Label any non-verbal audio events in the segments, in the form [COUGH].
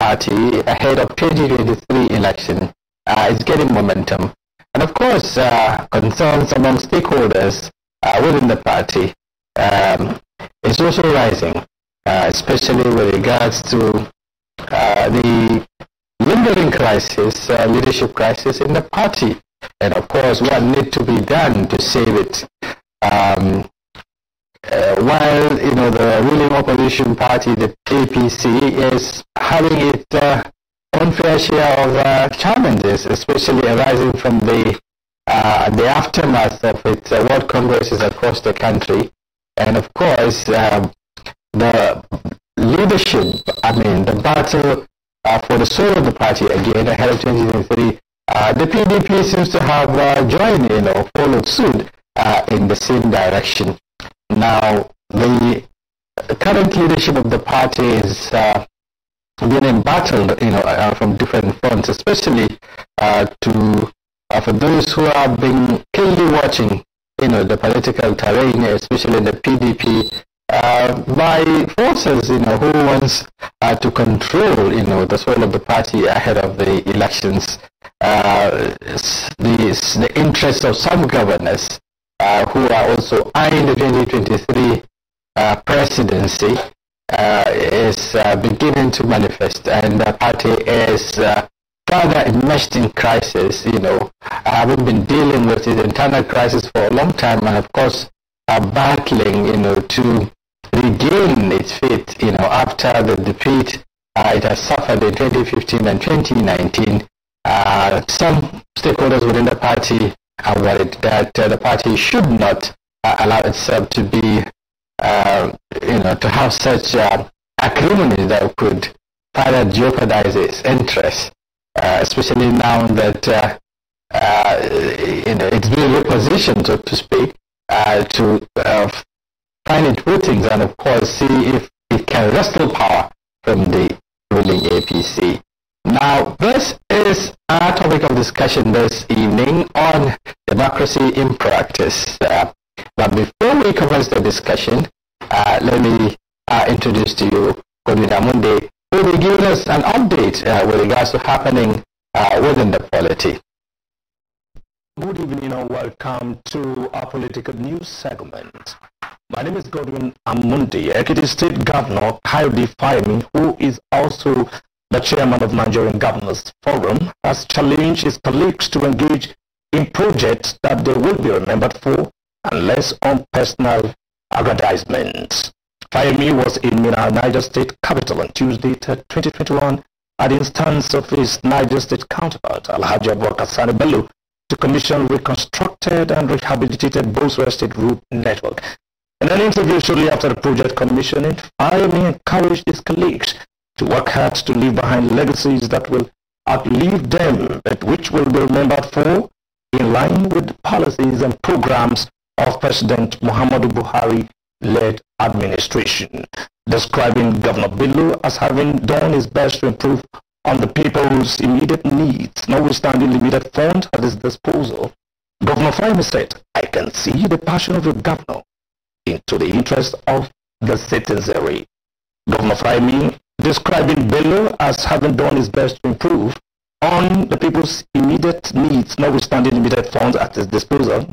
Party ahead of 2023 election uh, is getting momentum. And of course, uh, concerns among stakeholders uh, within the party um, is also rising, especially with regards to the lingering crisis, uh, leadership crisis in the party. And of course, what need to be done to save it? Um, uh, while you know the ruling opposition party, the APC, is having its unfair uh, share of uh, challenges, especially arising from the the aftermath of its world congresses across the country, and of course um, the leadership. I mean, the battle uh, for the soul of the party again ahead of 2023. Uh, the PDP seems to have uh, joined, you know, followed suit in the same direction. Now, the current leadership of the party is uh, being embattled, you know, uh, from different fronts, especially uh, to uh, for those who are being keenly watching, you know, the political terrain, especially the PDP, uh, by forces, you know, who wants uh, to control, you know, the soul of the party ahead of the elections, the, the interests of some governors uh, who are also eyeing the 2023 uh, presidency uh, is uh, beginning to manifest, and the party is further uh, immersed in crisis. You know, having have been dealing with this internal crisis for a long time, and of course, are battling, you know, to regain its faith, you know, after the defeat uh, it has suffered in 2015 and 2019. Uh, some stakeholders within the party I'm worried that uh, the party should not uh, allow itself to be, uh, you know, to have such acrimony that could further jeopardize its interests, especially now that you know, it's being repositioned, so to speak, to find its rootings and, of course, see if it can wrestle power from the ruling APC. Now, this is our uh, topic of discussion this evening on democracy in practice. Uh, but before we commence the discussion, uh, let me uh, introduce to you Kodida Munde, who will be giving us an update uh, with regards to happening uh, within the polity. Good evening and welcome to our political news segment. My name is Godwin Amundi, Ekiti State Governor Coyote Fahimi, who is also the chairman of Nigerian Governors Forum, has challenged his colleagues to engage in projects that they will be remembered for and less on personal aggrandizement. Fayemi was in Niger State capital on Tuesday, 2021, at the instance of his Niger State counterpart, Alhaji Abubakar Bello, to commission reconstructed and rehabilitated Bosra State Route Network. In an interview shortly after the project commissioning, Fayemi encouraged his colleagues to work hard to leave behind legacies that will outlive them, but which will be remembered for in line with policies and programs of President Muhammadu Buhari led administration, describing Governor Bello as having done his best to improve on the people's immediate needs, notwithstanding limited funds at his disposal. Governor Fahmy said, I can see the passion of your governor into the interest of the citizenry. Governor Fahmy describing Bello as having done his best to improve on the people's immediate needs, notwithstanding limited funds at his disposal.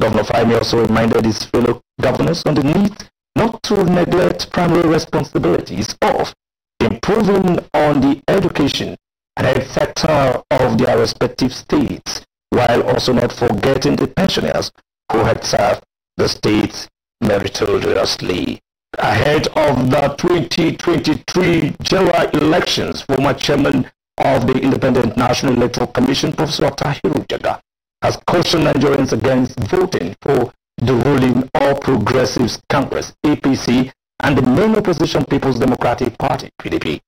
Governor Fahmy also reminded his fellow governors on the need not to neglect primary responsibilities of improving on the education and health sector of their respective states, while also not forgetting the pensioners who had served the states meritoriously ahead of the 2023 general elections. Former chairman of the Independent National Electoral Commission, Professor Tahiru Jaga, has cautioned Nigerians against voting for the ruling All Progressives Congress, APC, and the main opposition People's Democratic Party, PDP.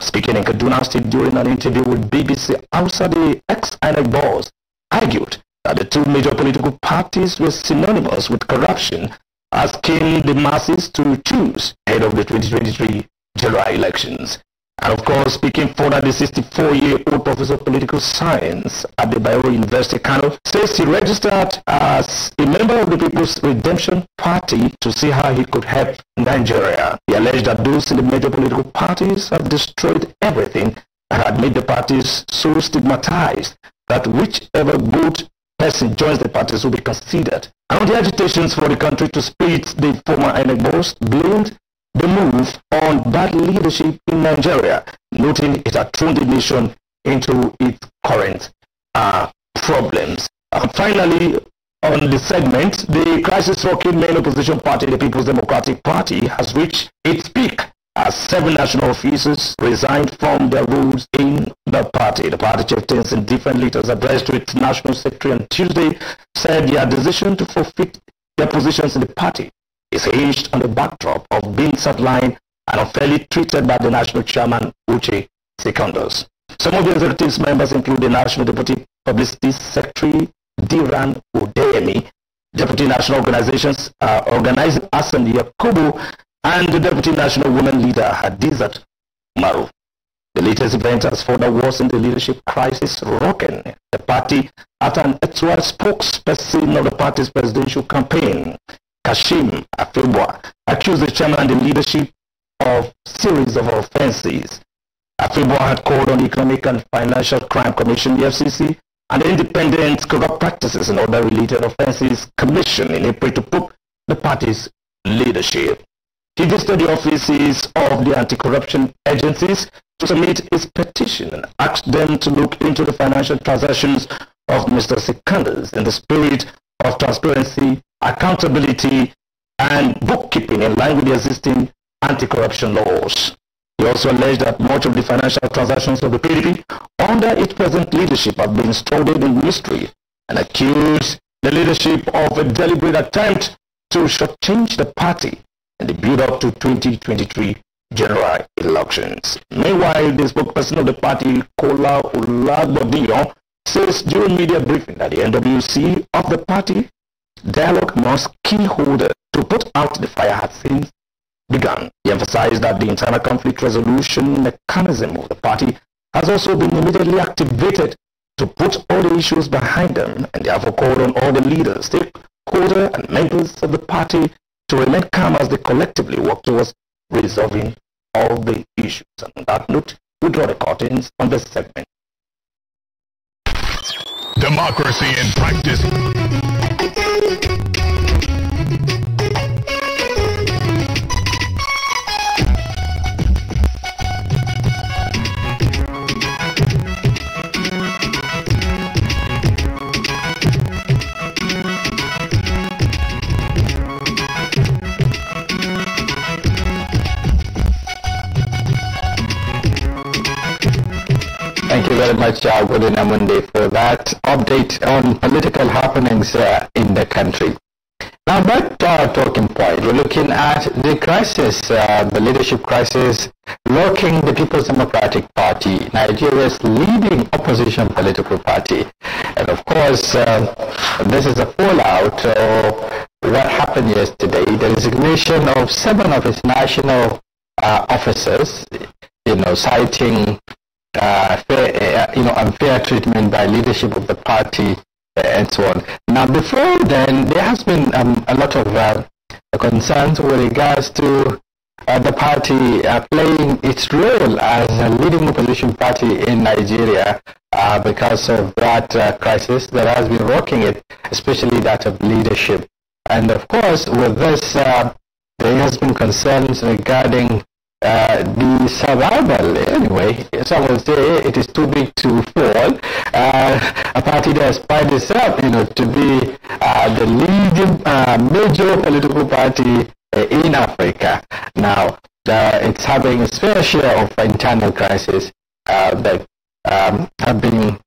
Speaking in Kaduna State during an interview with BBC outside the ex-INEC boss, argued that the two major political parties were synonymous with corruption asking the masses to choose ahead of the 2023 general elections. And of course, speaking further, the 64-year-old professor of political science at the Bayero University, Kano, says he registered as a member of the People's Redemption Party to see how he could help Nigeria. He alleged that those in the major political parties have destroyed everything and had made the parties so stigmatized that whichever good person joins the parties will be considered. And the agitations for the country to split the former enables blamed the move on bad leadership in Nigeria, noting it had thrown the nation into its current uh, problems. And finally, on the segment, the crisis rocking main opposition party, the People's Democratic Party, has reached its peak as seven national officers resigned from their roles in the party. The party chieftains and different leaders addressed to its national secretary on Tuesday said their decision to forfeit their positions in the party is hinged on the backdrop of being sidelined and unfairly treated by the national chairman Uche Secondos. Some of the executive members include the National Deputy Publicity Secretary Diran Udeyemi, Deputy National Organizations uh, Organizer Asan Yakubu, and the Deputy National Women Leader Hadizat Maru. The latest event has further worsened the leadership crisis rocking the party after an actual spokesperson of the party's presidential campaign, Kashim Afebwa, accused the chairman and the leadership of series of offences. Afebwa had called on the Economic and Financial Crime Commission, the FCC, and the Independent Corrupt Practices and Other Related Offences Commission in April to put the party's leadership he visited the offices of the anti-corruption agencies to submit his petition and asked them to look into the financial transactions of Mr. Sikandas in the spirit of transparency, accountability, and bookkeeping in line with the existing anti-corruption laws. He also alleged that much of the financial transactions of the PDP under its present leadership have been stolen in mystery and accused the leadership of a deliberate attempt to shortchange the party and the build-up to 2023 general elections. Meanwhile, the spokesperson of the party, Kola Olagbodiyan, says during media briefing that the NWC of the party dialogue must keyholder to put out the fire has since begun. He emphasized that the internal conflict resolution mechanism of the party has also been immediately activated to put all the issues behind them and therefore called on all the leaders, stakeholders and members of the party to remain calm as they collectively work towards resolving all the issues. And on that note, we draw the curtains on this segment. Democracy in practice very much, uh, a Monday for that update on political happenings uh, in the country. Now, back to our talking point. We're looking at the crisis, uh, the leadership crisis, locking the People's Democratic Party, Nigeria's leading opposition political party. And of course, uh, this is a fallout of what happened yesterday, the resignation of seven of its national uh, officers, you know, citing uh, fair, uh, you know, unfair treatment by leadership of the party uh, and so on. Now, before then, there has been um, a lot of concerns with regards to uh, the party uh, playing its role as a leading opposition party in Nigeria uh, because of that crisis that has been rocking it, especially that of leadership. And of course, with this, there has been concerns regarding uh, the survival, anyway, someone say it is too big to fall. Uh, a party that aspires itself, you know, to be uh, the leading uh, major political party uh, in Africa. Now, it's having a fair share of internal crisis uh, that um, have been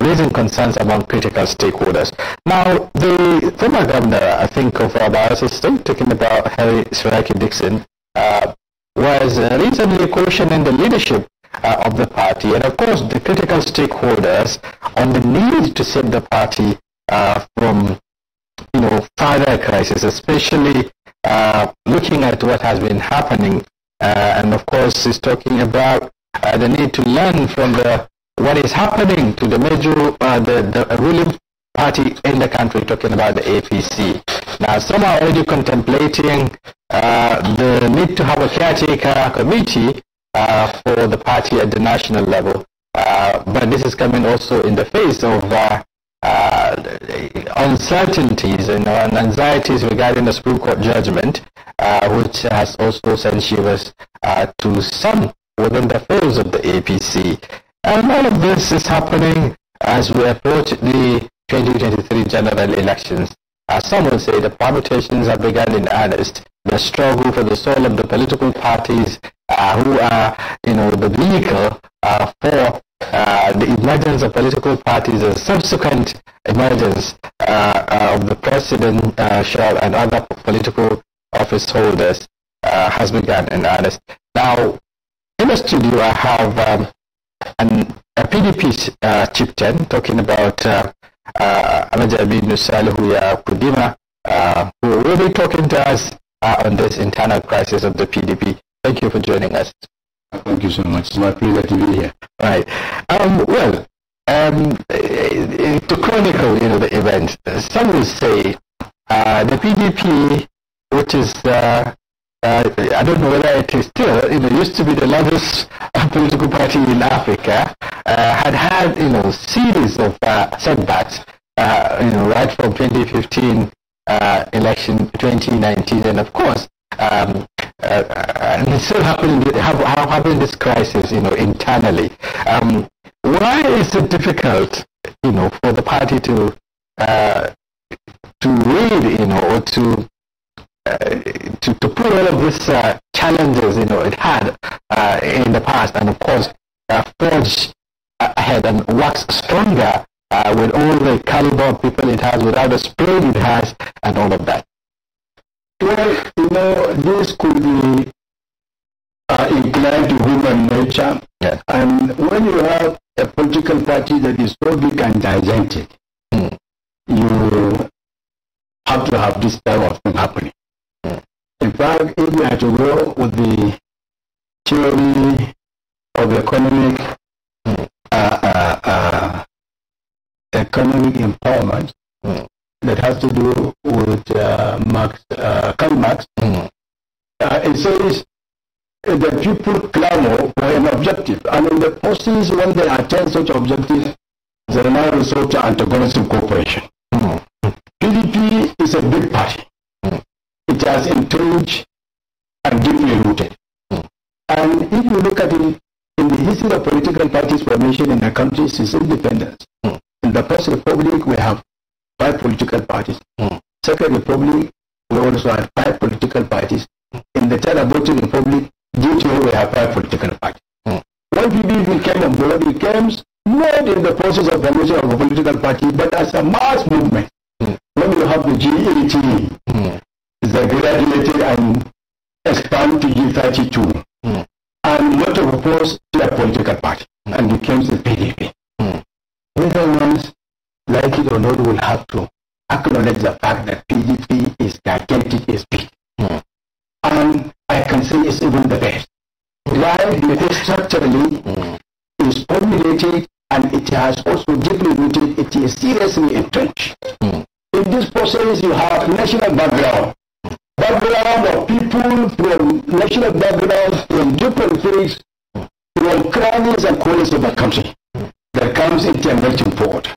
raising concerns among critical stakeholders. Now, the former governor, I think, of our system, talking about Harry Siraki Dixon, uh, was reasonably in the leadership uh, of the party and of course the critical stakeholders on the need to save the party uh, from you know further crisis especially uh, looking at what has been happening uh, and of course is talking about uh, the need to learn from the what is happening to the major uh, the, the ruling party in the country talking about the APC now some are already contemplating uh, the need to have a caretaker committee uh, for the party at the national level. Uh, but this is coming also in the face of uncertainties and, and, anxieties regarding the Supreme Court judgment, which has also sent shivers to some within the fields of the APC. And all of this is happening as we approach the 2023 general elections. As some would say, the permutations have begun in earnest. The struggle for the soul of the political parties uh, who are, you know, the vehicle uh, for uh, the emergence of political parties and subsequent emergence uh, uh, of the president, uh, shell, and other political office holders has begun in earnest. Now, in the studio, I have um, an, a PDP chieftain talking about Alhaji Aminu Salihu Ya Kudima, uh, who will be talking to us uh, on this internal crisis of the PDP. Thank you for joining us. Thank you so much. It's my pleasure to be here. Right. Um, well, um, eh, eh, to chronicle you know, the event, some will say uh, the PDP, which is uh, uh, I don't know whether it is still, you know, used to be the largest uh, political party in Africa, uh, had had, you know, series of uh, setbacks, uh, you know, right from 2015 uh, election 2019, and of course, um, and it's still happening, have, have happened this crisis, you know, internally. Um, why is it difficult, you know, for the party to to read, you know, or to uh, to, to put all of these uh, challenges, you know, it had uh, in the past, and of course, forge ahead and works stronger with all the caliber of people it has, with all the spirit it has, and all of that. Well, you know, this could be uh, inclined to human nature. And when you have a political party that is so big and gigantic, mm. you have to have this type of thing happening drive India to grow with the theory of economic uh, uh, uh, economic empowerment mm. that has to do with uh, Marx, uh, Karl Marx. Mm. it says that people clamor for an objective, and in the process, when they attain such objective, they now resort to antagonistic cooperation. Mm. PDP is a big party it has entrenched and deeply rooted. And if you look at it, in the history of political parties formation in a country since independence, mm. in the First Republic we have five political parties. Mm. Second Republic we also had five political parties. In the Third voting Republic, due to we have five political parties. When PBB came on board, it came not in the process of formation of a political party, but as a mass movement. When you have the GAT, they graduated and expand to U32 mm. and not opposed to a political party mm. and became the PDP. Mm. Whether ones like it or not will have to acknowledge the fact that PDP is gigantic, is big. Mm. And I can say it's even the best. Why? Because structurally, mm. it's formulated and it has also deeply rooted, it is seriously entrenched. Mm. In this process, you have national background, background of people from national backgrounds, from different fields, from corners and corners of the country that comes into a melting pot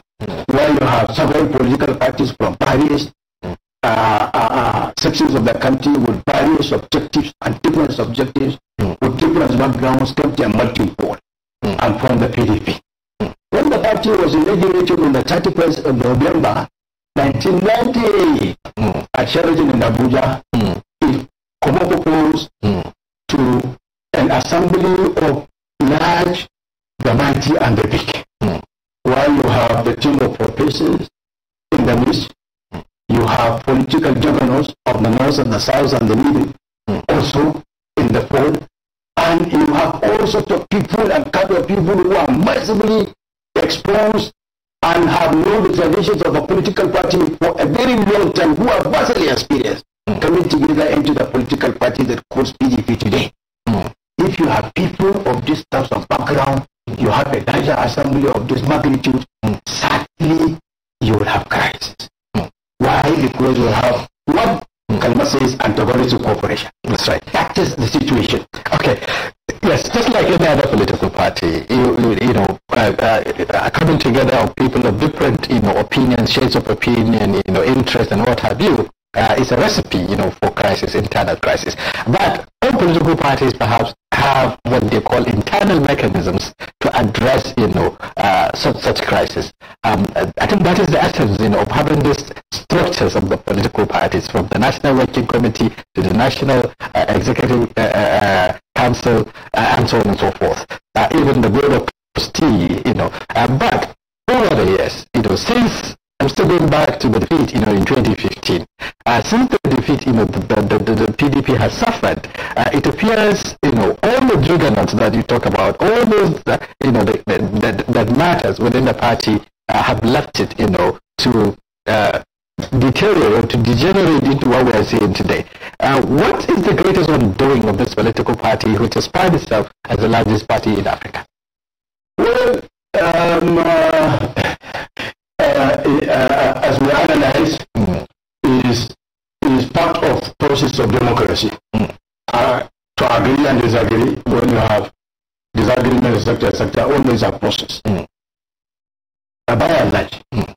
where you have several political parties from various uh, uh, uh, sections of the country with various objectives and different objectives with different backgrounds come to a melting pot and from the PDP. When the party was inaugurated on the 31st of November 1998, mm. a challenge in Abuja, mm. it mm. to an assembly of large, the mighty, and the big. Mm. While you have the team of professors in the midst, hmm. you have political juggernauts of the north and the south and the middle hmm. also in the fold. And you have all sorts of people and kind of people who are massively exposed and have known the traditions of a political party for a very long time, who are vastly experienced, coming together into the political party that calls PDP today. Mm. If you have people of these types of background, you have a larger assembly of this magnitude, mm. sadly, you will have crisis. Mm. Why? Because you have what Al-Masri's and to Corporation. That's right. That is the situation. Okay. Yes, just like any other political party, you, you, you know, uh, uh, uh coming together of people of different, you know, opinions, shades of opinion, you know, interests and what have you, uh, is a recipe, you know, for crisis, internal crisis. But all political parties perhaps have what they call internal mechanisms to address, you know, uh, such such crisis. Um, I think that is the essence, you know, of having these structures of the political parties, from the National Working Committee to the National uh, Executive uh, uh, uh, Council, and so on and so forth. even the Board of Trustees, you know, but over the years, you know, since I'm still going back to the defeat, you know, in 2015. Uh, since the defeat, you know, the, the, the, the PDP has suffered, uh, it appears, you know, all the juggernauts that you talk about, all those, uh, you know, that, that, that matters within the party uh, have left it, you know, to uh, deteriorate to degenerate into what we are seeing today. Uh, what is the greatest undoing of this political party which has itself as the largest party in Africa? Well, um, Mm, is is part of process of democracy. Mm. Uh, to agree and disagree when you have disagreement, etc., etc., always a process. Mm. Uh, by and large, mm.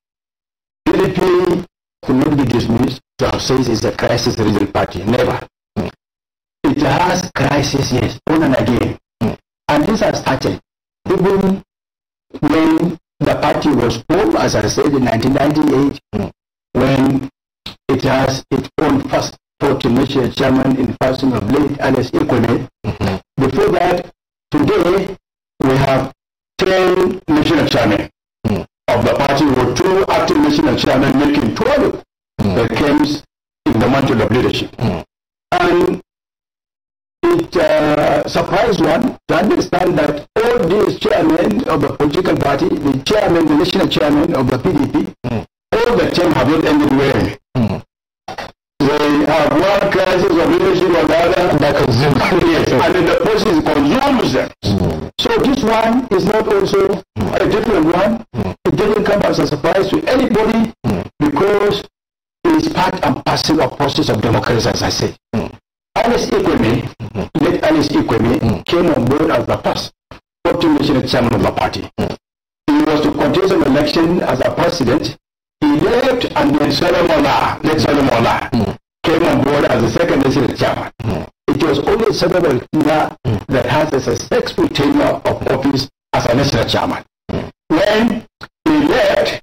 PDP could not be dismissed to have said it's a crisis-ridden party. Never. Mm. It has crisis, yes, on and again. Mm. And this has started even when the party was formed, as I said, in 1998. Mm when it has its own first thought to Mr. Chairman in person of late Alice Ikone. Mm -hmm. Before that, today we have 10 national chairmen mm -hmm. of the party with two active national chairmen making 12 mm. that came in the mantle of leadership. Mm. And it uh, surprised one to understand that all these chairmen of the political party, the chairman, the national chairman of the PDP, mm the term have not ended well. Mm. They have one crisis of leadership or the other, that consumes. yes, and then the process consumes them. Mm. So this one is not also mm. a different one. Hmm. It doesn't come as a surprise to anybody hmm. because it is part and parcel of process of democracy, as I say. Alice Ikwemi, mm late Alice Ikwemi, came on board as the first deputy chairman of the party. Hmm. He was to contest an election as a president he left and then Solomon La, then came on board as the second assistant chairman. Hmm. It was only Solomon hmm. that has a successful tenure of office as an assistant chairman. Hmm. When he left,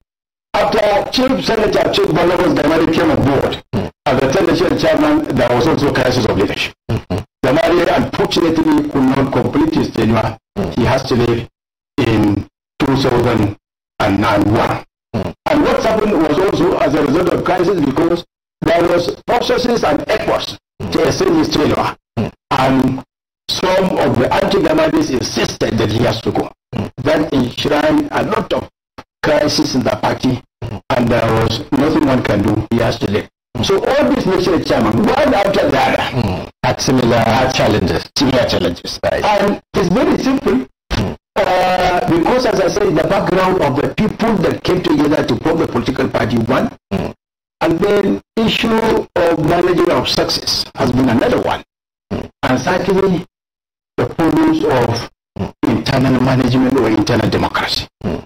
after Chief Senator Chief Balogos Damari came on board, as the assistant chairman, there was also crisis of leadership. mm Damari unfortunately could not complete his tenure. He has to leave in 2001. And what happened was also as a result of crisis because there was processes and efforts to save his tenure. And some of the anti-Gamadists insisted that he has to go. That enshrined a lot of crisis in the party and there was nothing one can do. He has to leave. So all these national chairman, one after the other, had hmm. similar challenges. Similar challenges. Right. And it's very simple. Uh, because as I said, the background of the people that came together to form the political party one, mm. and then issue of managing of success has been another one, mm. and certainly the problems of hmm. internal management or internal democracy. Mm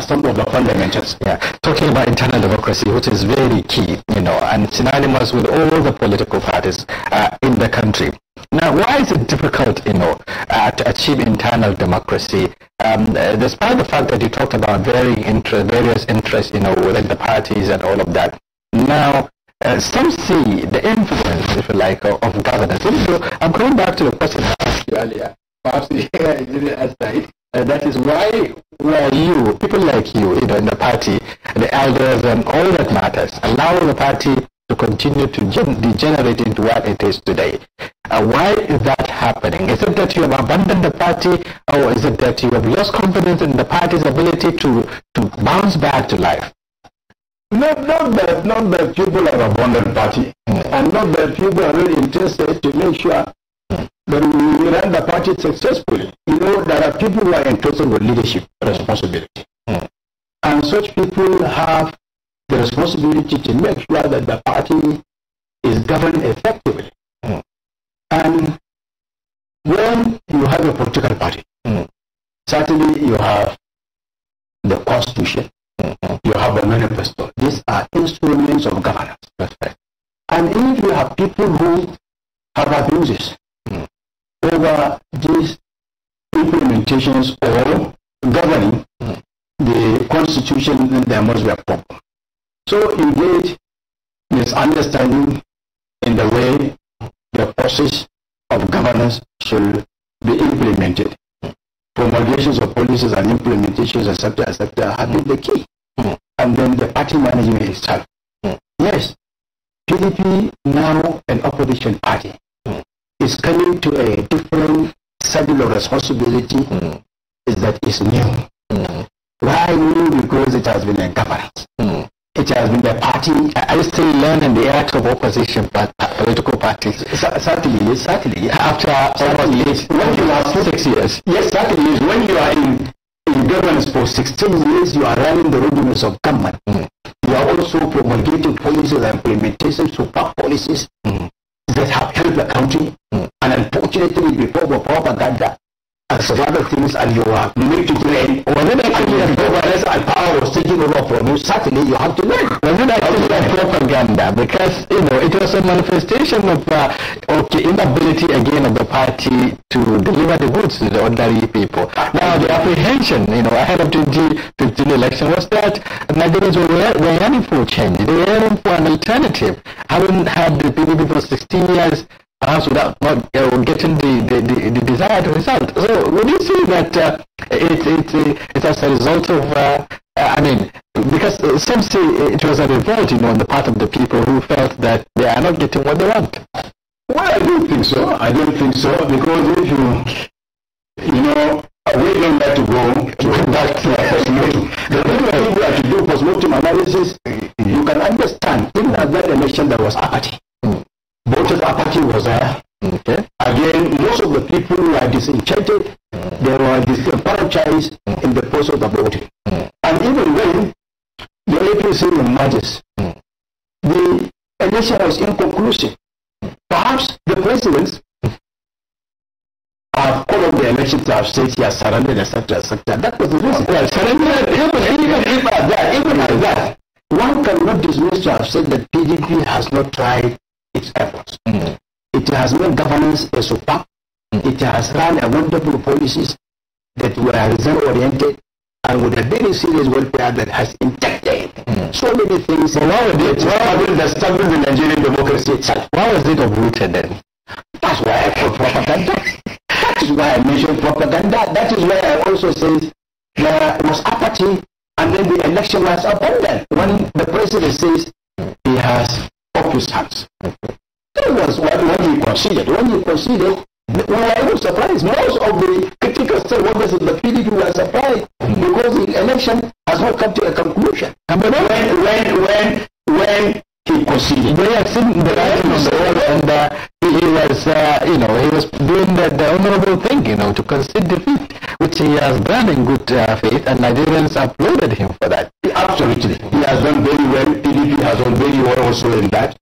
some of the fundamentals here, talking about internal democracy, which is very key, you know, and synonymous with all the political parties uh, in the country. Now, why is it difficult, you know, uh, to achieve internal democracy, um, despite the fact that you talked about varying interest, various interests, you know, within the parties and all of that? Now, uh, some see the influence, if you like, of, of governance. So I'm going back to the question I asked you earlier. Perhaps here in the right. And uh, that is why were you, people like you, you know, in the party, the elders and all that matters, allowing the party to continue to degenerate into what it is today. Uh, why is that happening? Is it that you have abandoned the party, or is it that you have lost confidence in the party's ability to, to bounce back to life? Not, not that not that people have abandoned party, mm. and not that people are really interested to make sure when we run the party successfully, you know, there are people who are entrusted with leadership responsibility. Mm. And such people have the responsibility to make sure that the party is governed effectively. Mm. And when you have a political party, mm. certainly you have the constitution, -hmm. you have a manifesto. These are instruments of governance. Perfect. And if you have people who have abuses, Mm over these implementations or governing mm. the constitution, then there must be a problem. So engage misunderstanding in the way the process of governance should be implemented. Mm. Promulgations of policies and implementations, etc., etc., have been the key. Mm. And then the party management itself. Yes, PDP now an opposition party is coming to a different level of responsibility mm. is that it's new. Mm. Why new? Because it has been a government. Mm. It has been the party. I still learn in the art of opposition, but political parties. Certainly, certainly. After almost years, when you are six years. Yes, certainly. When you are in, in governance for 16 years, you are running the rudiments of government. Hmm. You are also promulgating policies and implementation super policies hmm that have helped the country. And unfortunately, because of propaganda, and some other things and you are made to learn. Whenever you have that governance and power was taken over from you, certainly you have to learn. Whenever I propaganda, because you know it was a manifestation of uh, the inability again of the party to deliver the goods to the ordinary people. Now the apprehension, you know, ahead of 2015 election was that Nigerians were, were yearning for change. They were yearning for an alternative. Having had the PDP for 16 years, perhaps without not uh, getting the, the, the, the, desired result. So would you say that uh, it, it, uh, it's as a result of, uh, uh I mean, because uh, some say it was a revolt, you know, on the part of the people who felt that they are not getting what they want. Well, I don't think so. I don't think so because if you, you know, we don't like to go [LAUGHS] to that postmortem. The reason we have to do postmortem analysis, you can understand, even at that election there was apathy. The Party was there. Okay. Again, most of the people were disenchanted. Mm. They were disenfranchised mm. in the process of voting. Mm. And even when the APC emerges, mm. the election was inconclusive. Perhaps the presidents have called the elections to have said he has surrendered, etc., etc. That was the reason. Well, surrender, even, even, even, even like that, one cannot dismiss to have said that PDP has not tried its efforts. Mm. It has made governance a superb. Mm. It has run a wonderful policies that were result oriented and with a very serious welfare that has injected mm. so many things. Well, why was it? Why was the Nigerian democracy itself? Why was it uprooted then? That's why I call propaganda. that is why I mention propaganda. That is why I also say there was apathy and then the election was abandoned. When the president says he has of his hands. That was what, what he considered. When he considered, we were even surprised. Most of the critical stakeholders in the PDP were surprised because the election has not come to a conclusion. And when, when, when, when he conceded. They are sitting the right the and uh, he, he was, uh, you know, he was doing the, the, honorable thing, you know, to concede defeat, which he has done in good uh, faith and Nigerians applauded him for that. Absolutely. He has done very well has already won also in that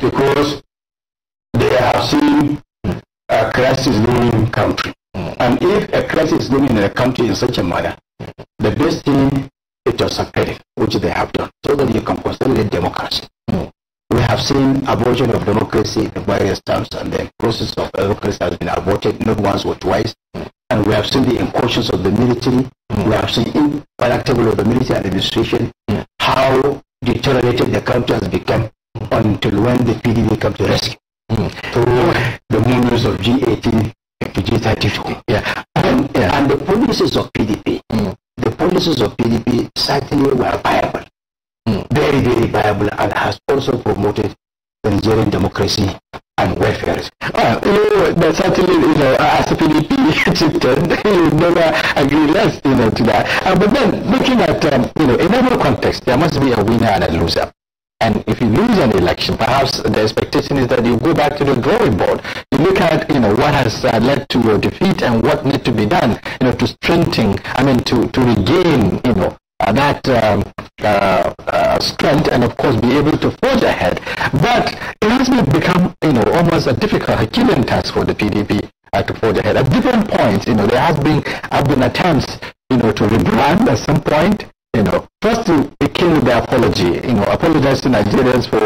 because they have seen a crisis looming country. And if a crisis is looming in a country in such a manner, the best thing is to support it, which they have done, so that you can consolidate democracy. We have seen abortion of democracy in various times, and the process of democracy has been aborted not once or twice. And we have seen the incursions of the military. We have seen intractable of the military administration, how deteriorated the country has become until when the PDP come to rescue mm. through the movements of G18 to G32. Yeah. And, yeah. and the policies of PDP, mm. the policies of PDP certainly were viable, mm. very, very viable, and has also promoted Nigerian democracy and welfares. Ah, you know, but certainly, you know, as a Philippine chieftain, [LAUGHS] you would never agree less, you know, to that. Uh, but then, looking at, um, you know, in every context, there must be a winner and a loser. And if you lose an election, perhaps the expectation is that you go back to the drawing board. You look at, you know, what has uh, led to your defeat and what needs to be done, you know, to strengthen, I mean, to, to regain, you know, uh, that um, uh, uh, strength and of course be able to forge ahead. But it has become, you know, almost a difficult Herculean task for the PDP to forge ahead. At different points, you know, there has been have been attempts, you know, to rebrand at some point. You know, first it came with the apology. You know, apologize to Nigerians for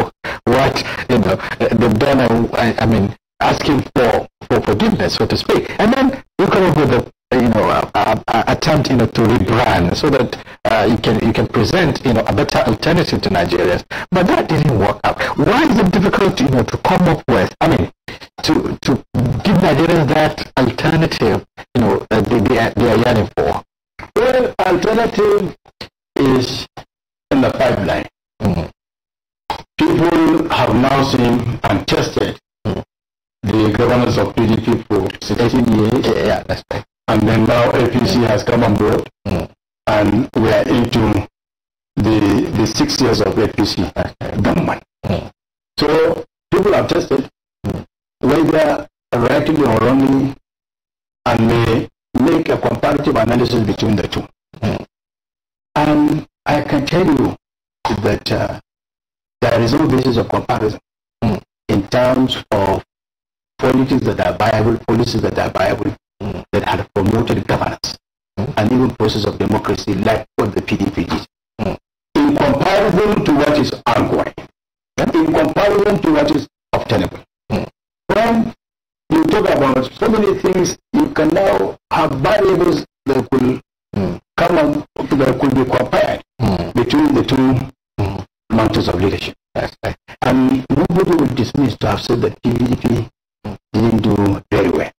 what you know they've done. And, I, I mean, asking for for forgiveness, so to speak. And then you come up with a you know attempt, you know, to rebrand so that uh, you can you can present you know a better alternative to Nigerians. But that didn't work out. Why is it difficult you know to come up with? I mean, to to give Nigerians that alternative you know that they, they, are, they are yearning for. Well, alternative is in the pipeline. Mm-hmm. People have now seen and tested mm-hmm. the governance of PDP for 16 years. Yeah, yeah, that's right. And then now APC mm-hmm. has come on board. Mm-hmm and we are into the the six years of APC government. So people are tested whether rightly or wrongly and may make a comparative analysis between the two. And I can tell you that uh, there is no basis of comparison in terms of policies that are viable, policies that are viable, that are promoted governance even process of democracy like what the PDP did. In comparison to what is ongoing, in comparison to what is obtainable. When you talk about so many things, you can now have variables that could come on, that could be compared between the two mountains of leadership. And nobody would dismiss to have said that PDP didn't do very well.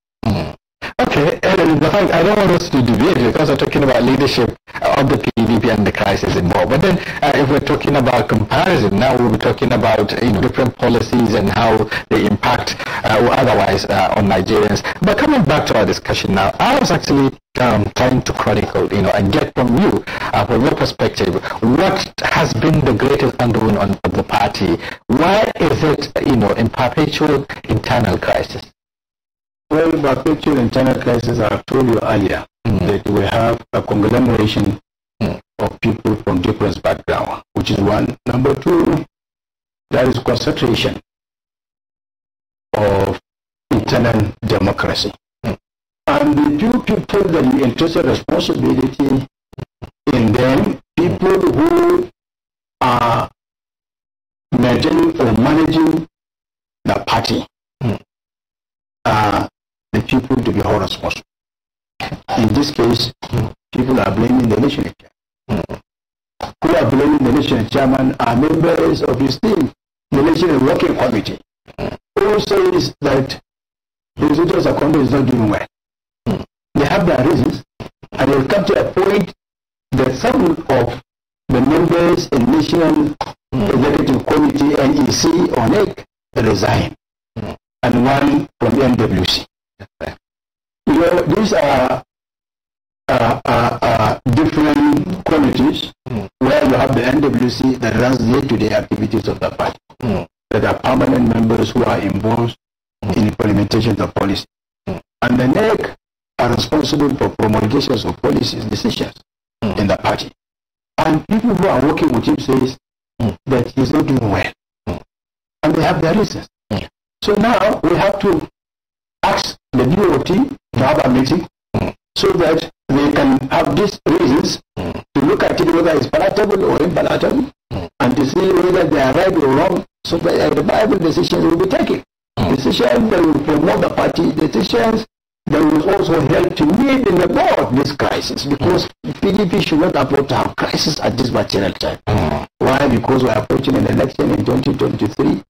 Okay the fact, I don't want us to deviate because we're talking about leadership uh, of the PDP and the crisis involved. But then uh, if we're talking about comparison, now we'll be talking about you know, different policies and how they impact uh, or otherwise uh, on Nigerians. But coming back to our discussion now, I was actually um, trying to chronicle, you know, and get from you, uh, from your perspective, what has been the greatest undoing on, of the party? Why is it, you know, in perpetual internal crisis? Well, perpetual internal crisis, I told you earlier mm. that we have a conglomeration mm. of people from different backgrounds, which is one. Number two, there is concentration of internal democracy. Mm. And the few people that you entrust responsibility in them, people who are managing or managing the party, mm. uh, to be held responsible. In this case, people are blaming the national chairman. Who are blaming the national chairman are members of his team, the national working committee, who says that the results of Congo is not doing well. They have their reasons, and they have come to a point that some of the members in national executive committee NEC or NEC resign, and one from the NWC. You know, these are, uh, uh, uh, different committees mm. where you have the NWC that runs day-to-day activities of the party, mm. that are permanent members who are involved mm. in implementation of policy. Hmm. And the NEC are responsible for promulgations of policies, decisions hmm. in the party. And people who are working with him say hmm. that he's not doing well. And they have their reasons. So now we have to ask the DOT a meeting so that they can have these reasons to look at it whether it's palatable or impalatable, and to see whether they are right or wrong so that the Bible decisions will be taken. Decisions that will promote the party, decisions that will also help to lead and of this crisis because PDP should not afford to have crisis at this material time. Why? Because we are approaching an election in 2023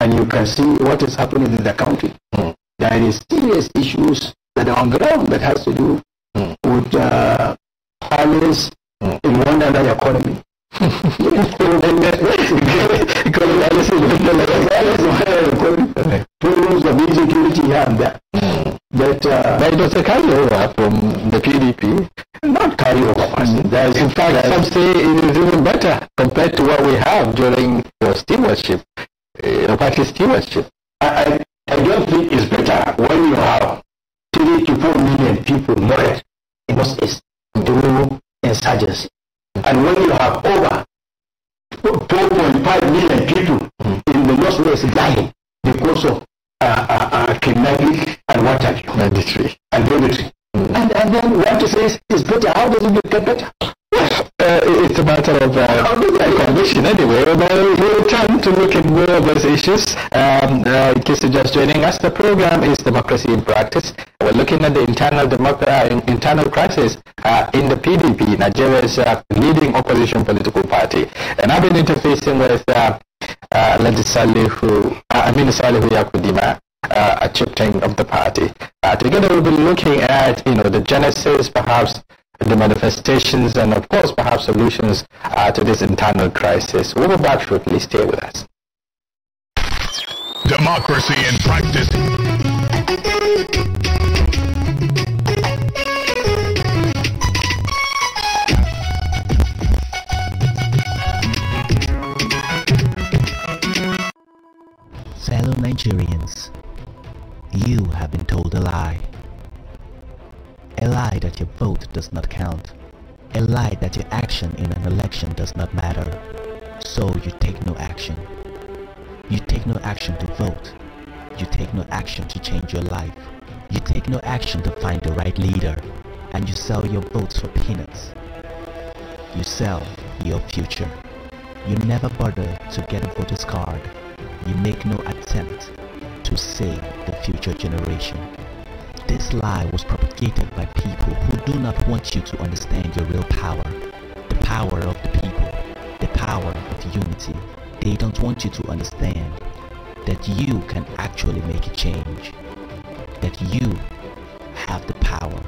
and you can see what is happening in the country. There are serious issues that are on the ground that has to do with uh, policies in one another economy. one another economy, problems of insecurity here That uh, there is a from the PDP, not carry Mm. There's, in fact, some say it is even better compared to what we have during your stewardship, uh, party stewardship. I, I, I don't think it's better when you have 54 million people murdered in Northeast through insurgency. And when you have over 4.5 million people mm. in the Northwest dying because of uh, uh, uh, kidnapping and what have you. And Mm. And, and then what to say is, is better. How does it get better? uh, it's a matter of uh, oh, anyway. Uh, time to look at more of those issues. Um, uh, in case you're just joining us, the program is Democracy in Practice. We're looking at the internal uh, internal crisis uh, in the PDP, Nigeria's uh, leading opposition political party. And I've been interfacing with uh, uh, Salihu, uh, Aminu Salihu Yakudima, uh, a chief of the party. Uh, together we'll be looking at, you know, the genesis, perhaps the manifestations and of course perhaps solutions uh, to this internal crisis. We'll be back shortly. Stay with us. Democracy in practice. your vote does not count, a lie that your action in an election does not matter. So you take no action. You take no action to vote. You take no action to change your life. You take no action to find the right leader. And you sell your votes for peanuts. You sell your future. You never bother to get a voter's card. You make no attempt to save the future generation. This lie was propagated by people who do not want you to understand your real power, the power of the people, the power of unity. They don't want you to understand that you can actually make a change, that you have the power,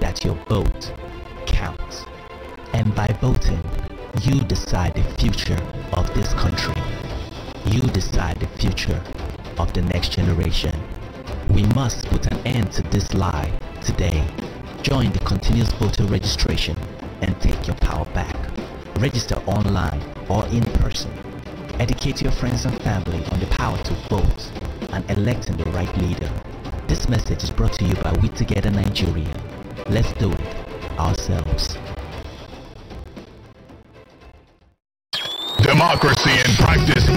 that your vote counts. And by voting, you decide the future of this country. You decide the future of the next generation. We must put an end to this lie today. Join the continuous voter registration and take your power back. Register online or in person. Educate your friends and family on the power to vote and electing the right leader. This message is brought to you by We Together Nigeria. Let's do it ourselves. Democracy in practice.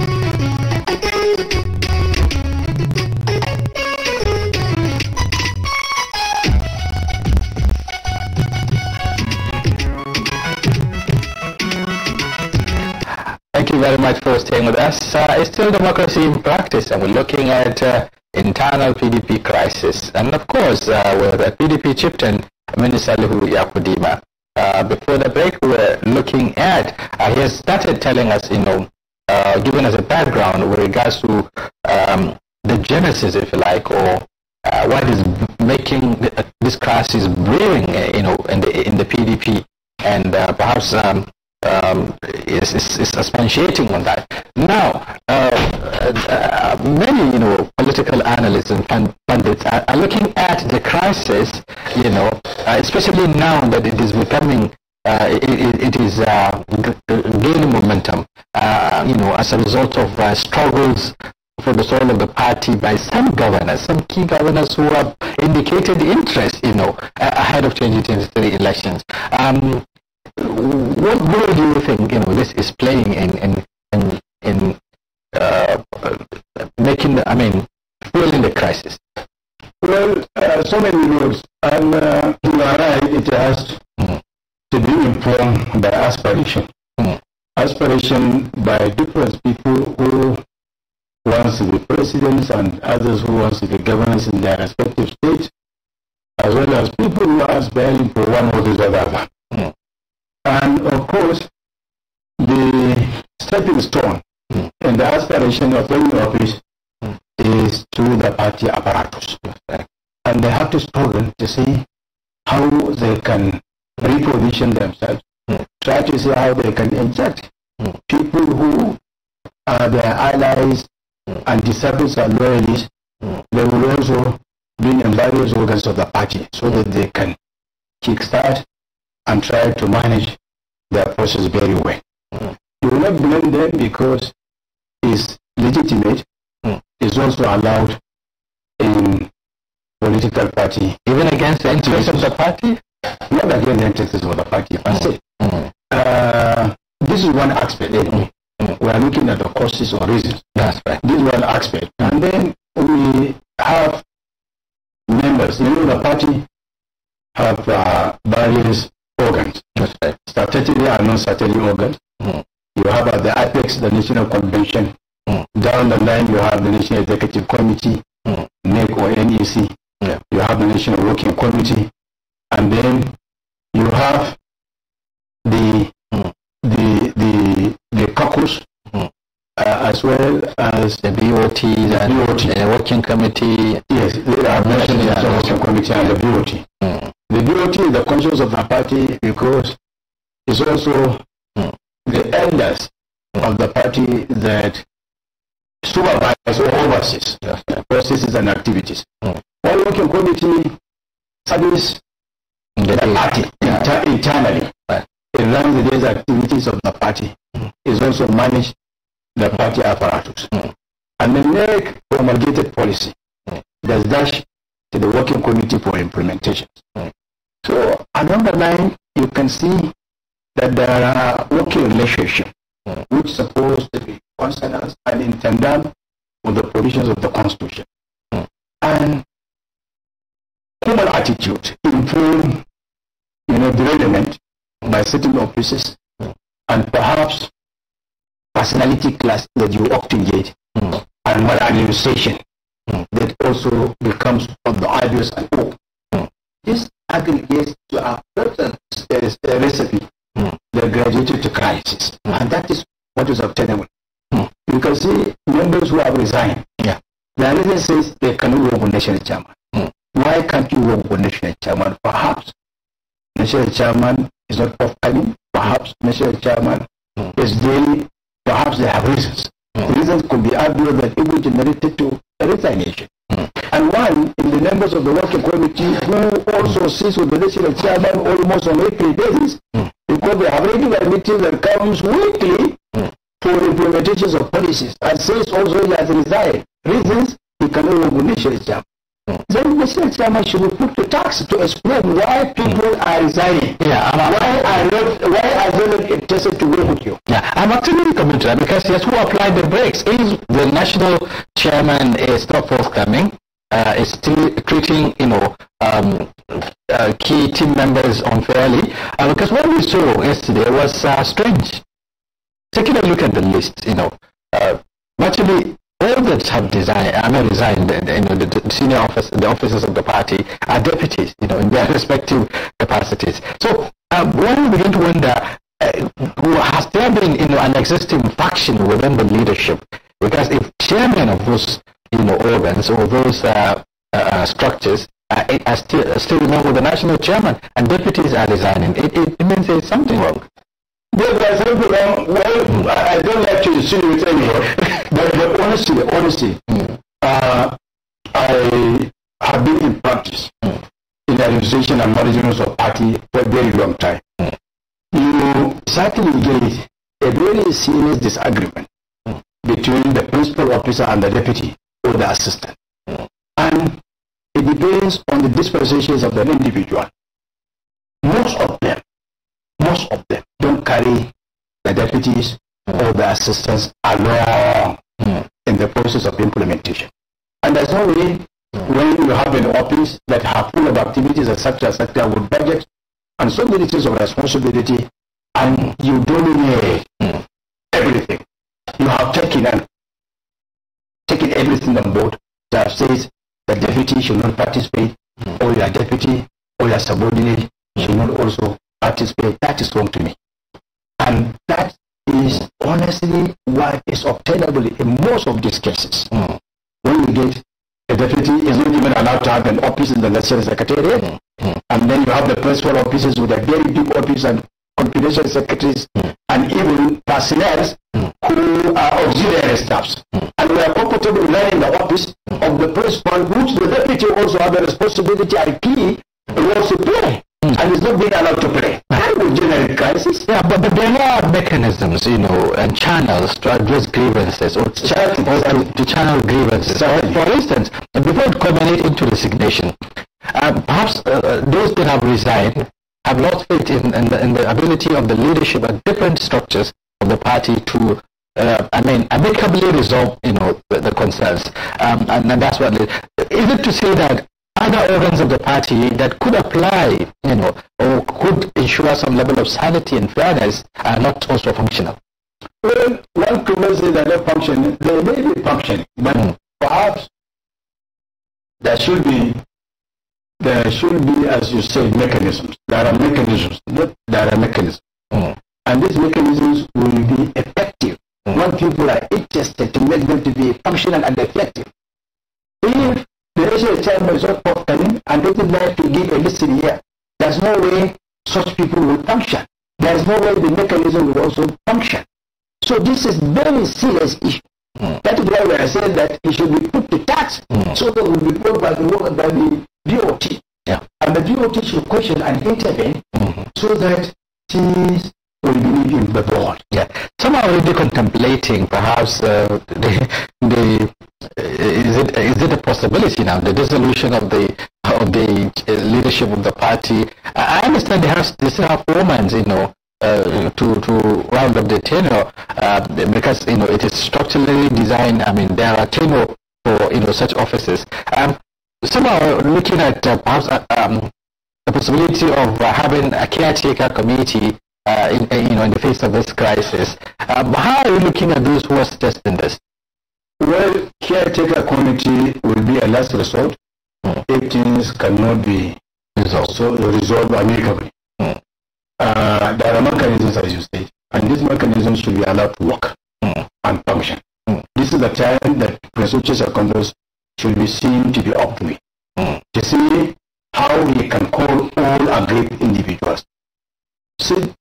you very much for staying with us. Uh, it's still democracy in practice, and we're looking at uh, internal PDP crisis. And of course, uh, with the PDP chieftain, Minister Luhu Yakudima. Uh, before the break, we were looking at, uh, he has started telling us, you know, uh, giving us a background with regards to um, the genesis, if you like, or what is making this crisis brewing, you know, in the, in the PDP. And perhaps um, um, is, is, is expatiating on that. Now, uh, uh, many, you know, political analysts and pundits are, are looking at the crisis, you know, uh, especially now that it is becoming, uh, it, it is uh, gaining momentum, uh, you know, as a result of struggles for the soul of the party by some governors, some key governors who have indicated interest, you know, ahead of 2023 elections. Um, what role do you think you know this is playing in in in, in uh, making the, I mean fueling the crisis? Well, uh, so many roles, and uh, you are right. It has mm. to be informed by aspiration, mm. aspiration by different people who wants to be presidents and others who wants to be governors in their respective states, as well as people who are aspiring for one or the other. Mm. And of course, the stepping stone and the aspiration of any office is through the party apparatus. And they have to struggle to see how they can reposition themselves, try to see how they can inject people who are their allies and disciples and loyalists. They will also bring in various organs of the party so that they can kickstart and try to manage their forces very well. Mm. You will not blame them because it's legitimate, mm. it's also allowed in political party. Even against the interests of the party? Not against the interests of the party, per se. Mm. Uh, this is one aspect anyway. Hmm. Hmm. We are looking at the causes or reasons. That's right. This is one aspect. And then we have members, you know, the party have uh, various organs, statutory and non-statutory organs. Mm. You have at uh, the apex the National Convention. Mm. Down the line, you have the National Executive Committee, mm. NEC or NEC. Yeah. You have the National Working Committee, and then you have the mm. the the the caucus. Hmm. Uh, as well as the BOT and BOT. the working committee. Yes, are mentioned the working uh, committee and the BOT. Hmm the DOT the conscience of the party because it's also hmm, the elders of the party that supervise or oversees processes and activities. Mm. working committee service the party inter- internally. Right. It runs the activities of the party. Mm. Is also manage the party apparatus. Mm. And the make promulgated policy. Mm. There's dash to the working committee for implementation. Mm. So along the line, you can see that there are working relationships, mm. which supposed to be consonant and intended with the provisions of the Constitution. Mm. And human attitude improve, you know, development by certain offices mm. and perhaps personality class that you ought to get mm. and maladministration mm. that also becomes of the obvious and all. This aggregates to our personal recipe, mm. the graduated to crisis. Mm. And that is what is obtainable. Mm. You can see members who have resigned. Yeah. The reason says they cannot work on national chairman. Mm. Why can't you work on national chairman? Perhaps national chairman is not forthcoming. Perhaps national chairman mm. is doing, perhaps they have reasons. The hmm. reasons could be argued that it will generate to resignation and one in the members of the working committee who also sits with the national chairman almost on weekly basis hmm. because they have regular meeting that comes weekly hmm. for implementations of policies and says also he has resigned. Reasons he cannot remunerate his chairman. Then the state chairman should be put to tax to explain why people are resigning. Yeah, why are not why are they not interested to work with you? Yeah, I'm actually coming that because yes, who applied the brakes? Is the national chairman is uh, not forthcoming? Uh, is still treating you know um, uh, key team members unfairly uh, because what we saw yesterday was uh, strange. Taking a look at the list, you know, actually uh, that have resigned, I mean resigned, you know, the, the senior office, the officers of the party are deputies, you know, in their respective capacities. So um, one begin to wonder, uh, has there been, you know, an existing faction within the leadership? Because if chairman of those, you know, organs or those uh, uh, structures are still, are still you know, with the national chairman and deputies are resigning, it, it, it means there's something wrong. there's something wrong. Well, I don't like to insinuate anymore. [LAUGHS] But, but honestly, honestly, mm. uh, I have been in practice mm. in administration and management of party for a very long time. Mm. You certainly get a very serious disagreement between the principal officer and the deputy or the assistant. And it depends on the dispositions of the individual. Most of them, most of them don't carry the deputies all the assistance along mm. in the process of implementation. And there's no way when you have an office that have full of activities and such as such with budget and so many things of responsibility and you dominate mm. everything. You have taken and taken everything on board that says the deputy should not participate mm. or your deputy or your subordinate should not also participate. That is wrong to me. And that is honestly why is obtainable in most of these cases. Mm. When you get a deputy is not even allowed to have an office in the legislative secretariat, mm. and then you have the principal offices with a very big office and confidential secretaries mm. and even personnel mm. who are auxiliary staffs. Mm. And we are comfortable learning the office of the principal, which the deputy also have a responsibility and key role to play, and is not being allowed to play crisis? Yeah, but, but there are mechanisms, you know, and channels to address grievances or, ch to, to, channel grievances. So, for instance, before it culminates into resignation, um, uh, perhaps uh, those that have resigned have lost faith in, in, the, in, the, ability of the leadership at different structures of the party to, uh, I mean, amicably resolve, you know, the, the concerns. Um, and, and, that's what, is it to say that other organs of the party that could apply, you know, or could ensure some level of sanity and fairness are not also functional. Well, one could say that they're functioning. They may be functioning, but mm. perhaps there should be there should be, as you say, mechanisms. There are mechanisms. There are mechanisms. Mm. And these mechanisms will be effective mm. when people are interested to make them to be functional and effective racial children is not forthcoming and do not like to give a listen here, there's no way such people will function. There's no way the mechanism will also function. So this is very serious issue. Mm. That is why we are saying that it should be put to tax mm. so that will be put by the, by the DOT. Yeah. And the DOT should question and intervene mm -hmm. so that things in the world. Yeah, some are already contemplating perhaps uh, the, the uh, is it is it a possibility now the dissolution of the of the uh, leadership of the party. I understand they have they still have four months, you know. Uh, to to round up the tenure uh, because you know it is structurally designed. I mean there are tenure for you know such offices. Um, some are looking at uh, perhaps um, the possibility of having a caretaker committee uh, in, you know, in the face of this crisis. Uh, how are you looking at those who are testing this? Well, caretaker committee will be a last resort mm. if things cannot be resolved, so resolved amicably. Mm. Uh, there are mechanisms, as you said, and these mechanisms should be allowed to work mm. and function. Hmm. This is the time that presumptuous accomplices should be seen to be up to it, hmm. to see how we can call all aggrieved individuals, sit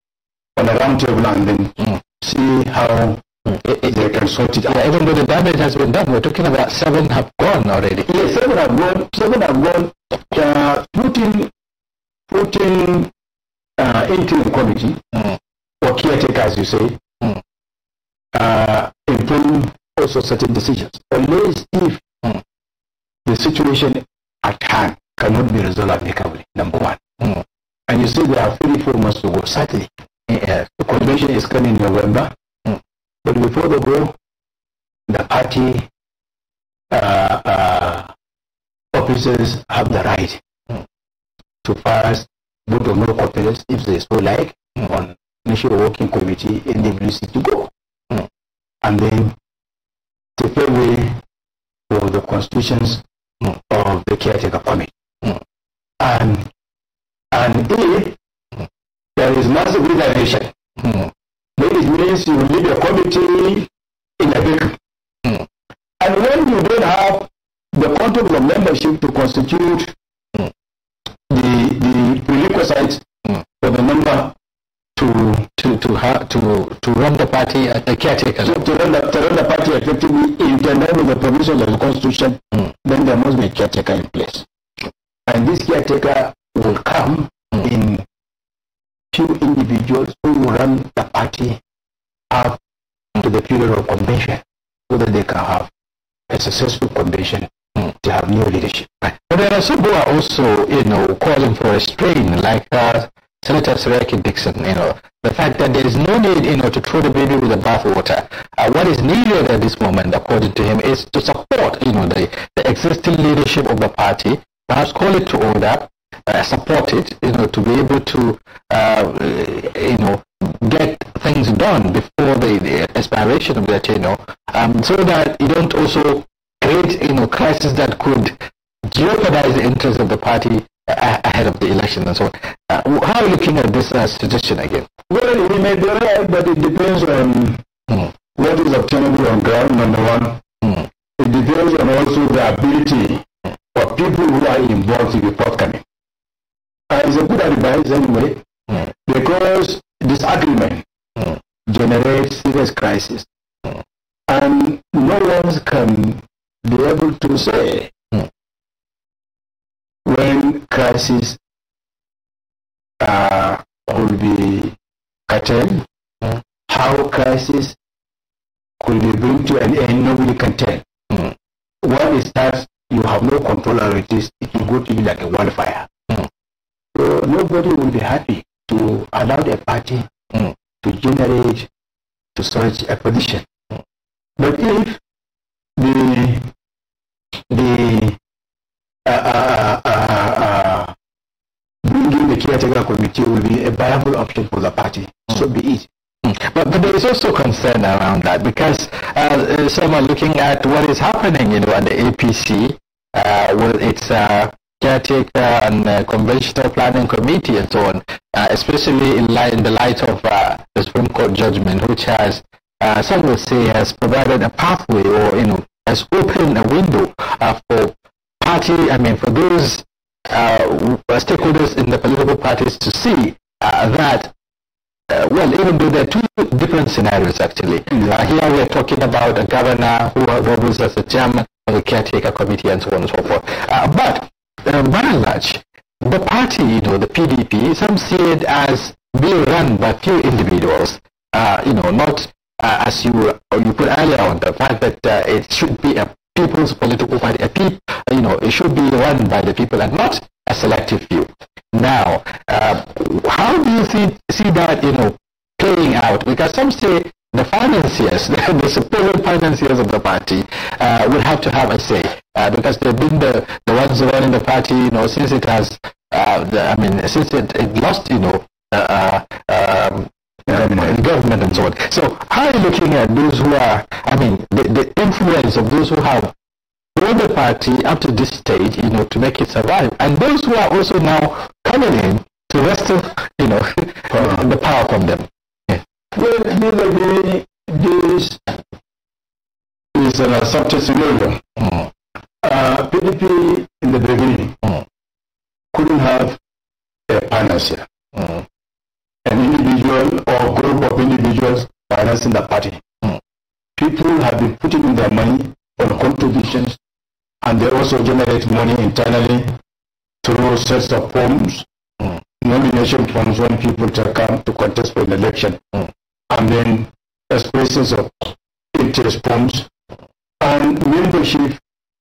on a round table and then mm. see how it, hmm. it, they can sort it out. Yeah, even though the damage has been done, we're talking about seven have gone already. Yes, yeah, seven have gone. Seven have gone. Uh, putting putting uh, interim committee mm. or caretaker, as you say, mm. uh, implying also certain decisions, unless if mm. the situation at hand cannot be resolved amicably. Number one, mm. and you say there are three, four months to go. Certainly, Yes. Eh, the eh, convention is coming in November. Mm. But before the go, the party uh, uh, officers have the right mm. to first vote of no confidence if they so like mm. on National Working Committee NWC to go. Mm. And then to pay way for the constitutions hmm. of the caretaker committee, hmm. And and if is massive reservation. Hmm. Maybe it means you leave your committee in a big. Hmm. And when you don't have the content of membership to constitute hmm. the the prerequisites for the member to to to ha- to to run the party at the caretaker. So to run the, to run the party effectively in the name of the provisions of the constitution, mm. then there must be a caretaker in place, and this caretaker will come mm. in few individuals who run the party up to the period convention so that they can have a successful convention to have new leadership. But there are some who are also, you know, calling for restraint, like uh, Senator Siraki Dixon, you know, the fact that there is no need, you know, to throw the baby with the bathwater. Uh, what is needed at this moment, according to him, is to support, you know, the, the existing leadership of the party, perhaps call it to order, uh, support it, you know, to be able to, uh, uh, you know, get things done before the, the expiration of that, you know, um, so that you don't also create, you know, crisis that could jeopardize the interests of the party uh, ahead of the election and so on. Uh, how are you looking at this uh, suggestion again? Well, we may be right, but it depends on mm. what is obtainable on ground, number one. Mm. It depends on also the ability hmm. of for people who are involved to be forthcoming uh, is a good advice anyway mm. because disagreement mm. generates serious crisis. Mm. And no one can be able to say hmm. when crisis uh, could be curtailed, hmm. how crisis could be brought to an end, nobody can tell. When it starts, you have no control over it, it will go to you like a wildfire nobody will be happy to allow the party mm. to generate to such a position. Mm. But if the the uh uh, uh, uh, uh, bringing the caretaker committee will be a viable option for the party, mm. so be it. Mm. But, but, there is also concern around that because uh, some are looking at what is happening, you know, at the APC, with its caretaker and uh, conventional planning committee and so on, uh, especially in, light, in the light of uh, the Supreme Court judgment, which has, uh, some would say, has provided a pathway or, you know, has opened a window uh, for party, I mean, for those uh, stakeholders in the political parties to see that uh, well, even though there are two different scenarios actually. Uh, here we are talking about a governor who doubles as a chairman of the caretaker committee and so on and so forth. Uh, but um, by and large, the party, you know, the PDP, some see it as being run by few individuals, uh, you know, not uh, as you uh, you put earlier on the fact that uh, it should be a people's political party, a pe- you know, it should be run by the people and not a selective few. Now, uh, how do you see see that, you know, playing out? Because some say the financiers, [LAUGHS] the, supposed financiers of the party uh, will have to have a say uh, because they've been the, the ones running the party, you know, since it has, uh, the, I mean, since it, it lost, you know, uh, uh, um, uh, government. government and so on. So how are you looking at those who are, I mean, the, the influence of those who have brought the party up to this stage, you know, to make it survive, and those who are also now coming in to wrestle, you know, [LAUGHS] the power from them? Well, be the this is an accepted scenario. Mm. Uh, PDP in the beginning mm. couldn't have a panacea, mm. an individual or group of individuals financing the party. People have been putting in their money on contributions and they also generate money internally through sets of forms, nomination forms when people come to contest for an election and then expressions of interest forms and membership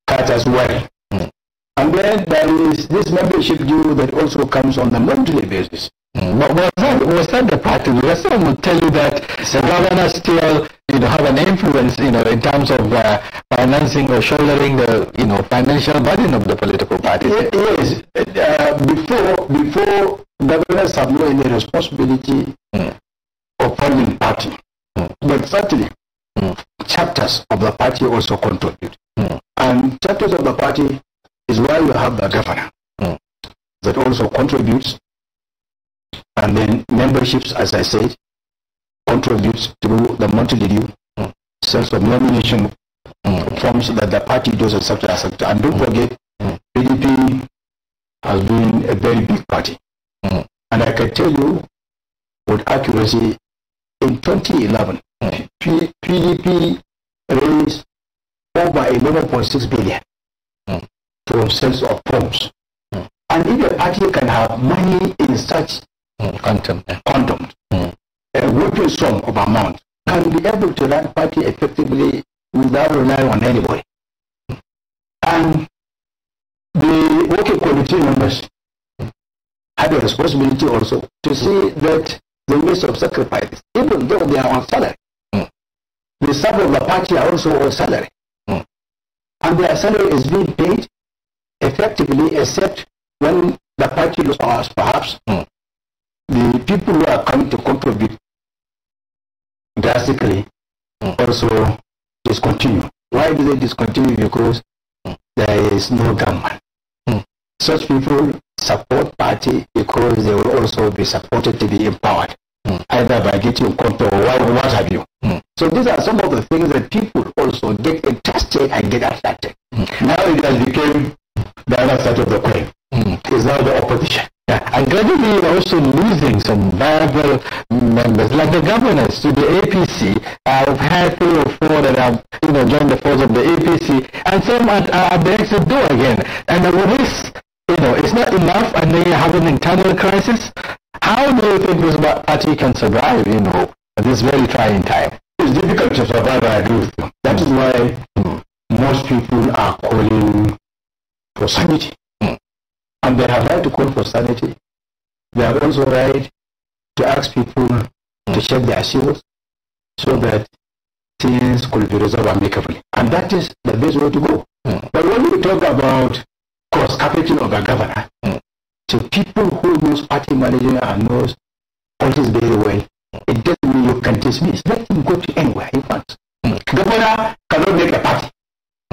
cards as well. Mm. And then there is this membership due that also comes on a monthly basis. Mm. But was that, was that the party? The some would tell you that the governor still you know, have an influence you know, in terms of uh, financing or shouldering the you know, financial burden of the political parties. Yes, Uh, before, before governors have no any responsibility mm. Of forming party. Mm. But thirdly, mm, chapters of the party also contribute. Mm. And chapters of the party is why you have the governor that also contributes. And then memberships, as I said, contributes through the monthly review, mm. sense of nomination mm. forms that the party does, accept. And don't forget, mm. PDP has been a very big party. Mm. And I can tell you with accuracy in 2011, PDP raised over 11.6 billion mm. from sales of homes. Mm. And if a party can have money in such mm. quantum, yeah. mm. a working sum of amount, can be able to run party effectively without relying on anybody. And the working committee members hmm. have a responsibility also to see that the means of sacrifice, even though they are on salary. Mm. The servants of the party are also on salary. Mm. And their salary is being paid effectively except when the party loses perhaps mm. the people who are coming to contribute drastically hmm. also discontinue. Why do they discontinue? Because hmm. there is no government. Hmm. Such people support party because they will also be supported to be empowered either by getting caught or what, have you. Mm. So these are some of the things that people also get interested and get attracted. Hmm. Now it has become the other side of the coin. Hmm. It's now the opposition. Yeah. And gradually we're also losing some viable members, like the governors to the APC. I've had three or four that have you know, joined the force of the APC, and some are at, at the exit door again. And with this anymore. It's not enough, and then you have an internal crisis. How do you think this party can survive, you know, at this very trying time? It's difficult to survive, I agree with you. That is why mm. most people are calling for sanity. Mm. And they have right to call for sanity. They have also right to ask people mm. to hmm. check their seals so that things could be resolved amicably. And that is the best way to go. Hmm. But when we talk about Cause carpeting of a governor. Mm. So people who knows party management and knows politics very well, it doesn't mean you can dismiss. Let him go to anywhere he wants. Mm. Governor cannot make a party.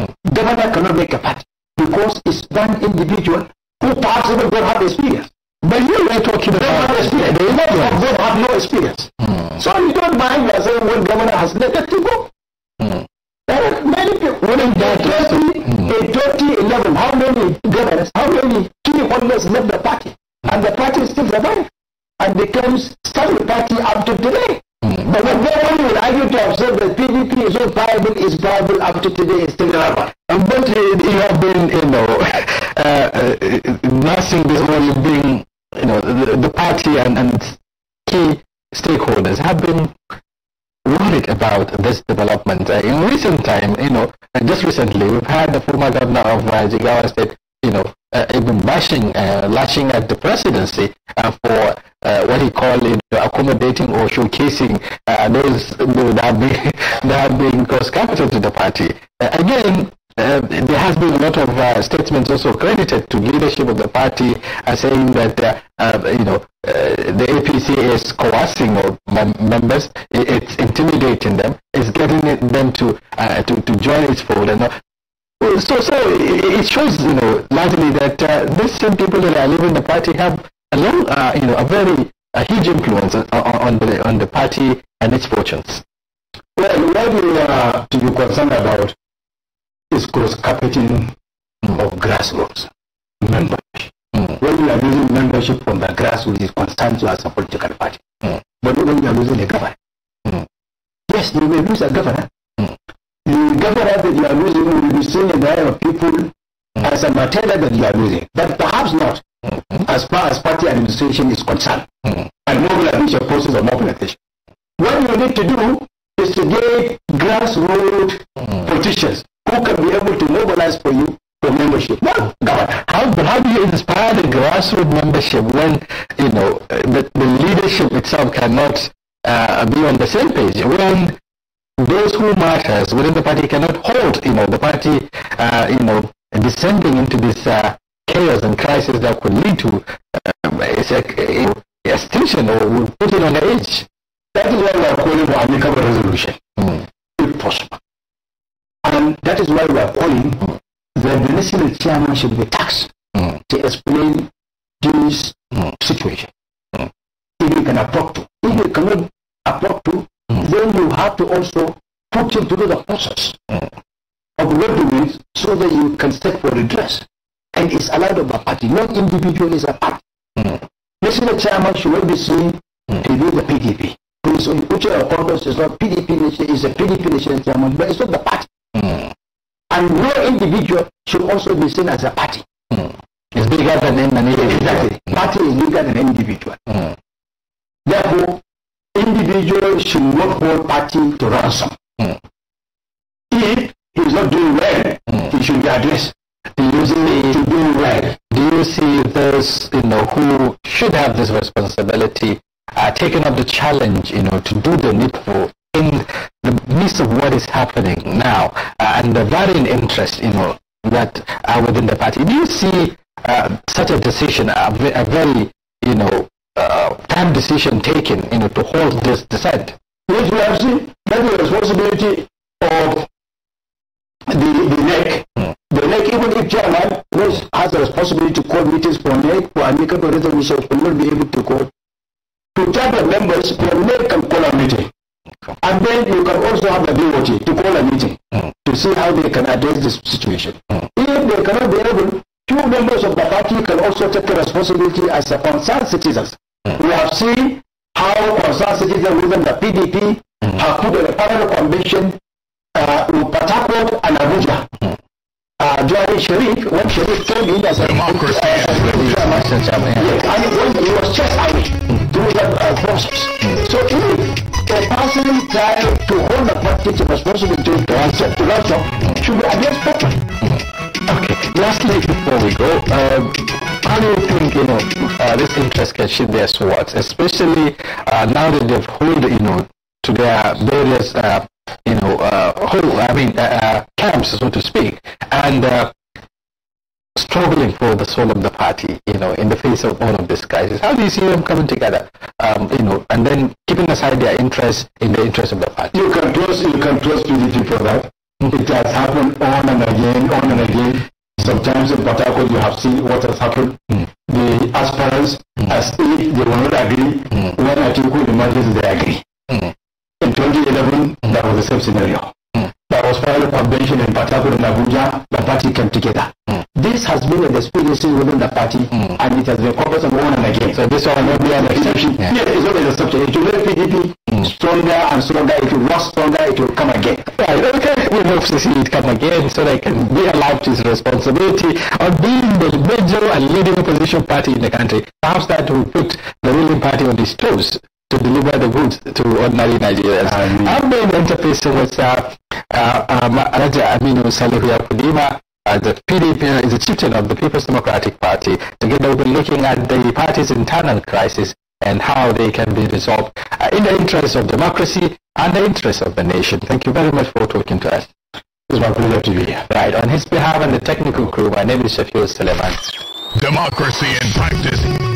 Mm. Governor cannot make a party because it's one individual who possibly don't have experience. But you are talking about do have experience. They lot of have no experience. Hmm. So you don't mind that saying when governor has let it go. Hmm. That many people, when in the 20, mm. in 2011, how many governors, how many key holders left the party? And the party still survived and becomes stable party up to today. Mm. But what government will argue to observe that PDP is not viable, is viable up to today, is still viable. But you, you have been, you know, [LAUGHS] uh, uh, nursing this or you've been, you know, the, the party and, and key stakeholders have been worried about this development. Uh, in recent time, you know, uh, just recently, we've had the former governor of uh, Jigawa State, you know, uh, even bashing, uh, lashing at the presidency uh, for uh, what he called accommodating or showcasing uh, those you know, that, have been, that [LAUGHS] have been cross capital to the party. again, uh, there has been a lot of uh, statements also credited to leadership of the party as uh, saying that uh, uh you know the APC is coercing or members, it's intimidating them, it's getting them to to, to join its fold and. So, so it shows, you know, largely that these same people that are leaving the party have a long, you know, a very a huge influence on, on, the on the party and its fortunes. Well, what we are to concerned about is cross carpeting of grassroots membership. Mm. When you are losing membership from the grassroots, it concerns you as a political party. Mm. But when you are losing a governor, mm. yes, you may lose a governor. Mm. The governor that you are losing will be seen in the eye of people mm. as a material that you are losing, but perhaps not mm-hmm. as far as party administration is concerned and mobilization process of mobilization. What you need to do is to get grassroots politicians who can be able to mobilize for you for membership. God. How, how do you inspire the grassroots membership when, you know, the, the leadership itself cannot uh, be on the same page? When those who matters within the party cannot hold, you know, the party, uh, you know, descending into this uh, chaos and crisis that could lead to um, a, extinction or put it on the edge. That is why we are calling for a resolution, mm. if possible. And that is why we are calling that the national chairman should be taxed mm. to explain this mm. situation. If you can afford to. If you cannot afford to, mm. then you have to also put him through the process mm. of what so that you can seek for redress. And it's allowed of a party. Not mm. individual is a party. National chairman should not be seen to be the PDP. Which, which is not PDP nation, is a PDP nation chairman, but it's not the party and no individual should also be seen as a party. Mm. It's bigger than an individual. Exactly. Mm. Party is bigger than individual. Mm. Therefore, individual should not hold party to ransom. If he's not doing well, he should be addressed. Do you see to do well? Do you see those you know who should have this responsibility uh, taking up the challenge, you know, to do the needful in piece of what is happening now uh, and the varying interest, you know, that are within the party. Do you see uh, such a decision, a, very, you know, time uh, decision taken, you know, to hold this dissent? Yes, we have seen that the responsibility of the, the Mm. The NEC, even if chairman was, has the responsibility to call meetings for NEC for amicable resolutions, will not be able to call. To chairman members, will not can call a meeting. And then you can also have the DOT to call a meeting mm. to see how they can address this situation. Mm. If they cannot be able, two members of the party can also take the responsibility as a concerned citizens. Mm. We have seen how concerned citizens within the PDP mm. have put a parallel convention uh, in Patakot and Abuja. Mm. Uh, during Sharif, when Sharif came in as a democracy, uh, and when he was chastised mm. through the uh, process. Mm. So if a person trying to hold the practice of responsibility to answer. to oneself, should be addressed properly. Okay, lastly, before we go, um, how do you think, you know, uh, this interest can shift their swords, especially uh, now that they've hold, you know, to their various, uh, you know, whole, I mean, camps, so to speak, and struggling for the soul of the party, you know, in the face of all of these crises. How do you see them coming together, um, you know, and then keeping aside their interests in the interest of the party? You can trust, you can trust PDP for that. Mm-hmm. It has happened on and again, on and again. Sometimes in Patako you have seen what has happened. Mm. The aspirants, mm. as if they will not agree, mm. when Atiku emerges, they agree. Mm. In 2011, that was the same scenario that was found convention in Patakur in Abuja, the party came together. Mm. This has been an experience within the party mm. and it has been focused on one and again. So this one will be an exception. Yeah. Yes, it's not an exception. It will make PDP mm. stronger and stronger. It will work stronger. It will come again. Right. Okay. We hope to see it come again so that can be to his responsibility of being the major and leading opposition party in the country. Perhaps that will put the ruling party on its toes to deliver the goods to ordinary Nigerians. I mean. I've been interfacing with uh, uh, um, Raja Aminu Salihu Yakudima, uh, the PDP uh, is the chieftain of the People's Democratic Party. Together we've been looking at the party's internal crisis and how they can be resolved uh, in the interest of democracy and the interest of the nation. Thank you very much for talking to us. It's my pleasure to be here. Right. On his behalf and the technical crew, my name is Shafil Suleiman. Democracy in practice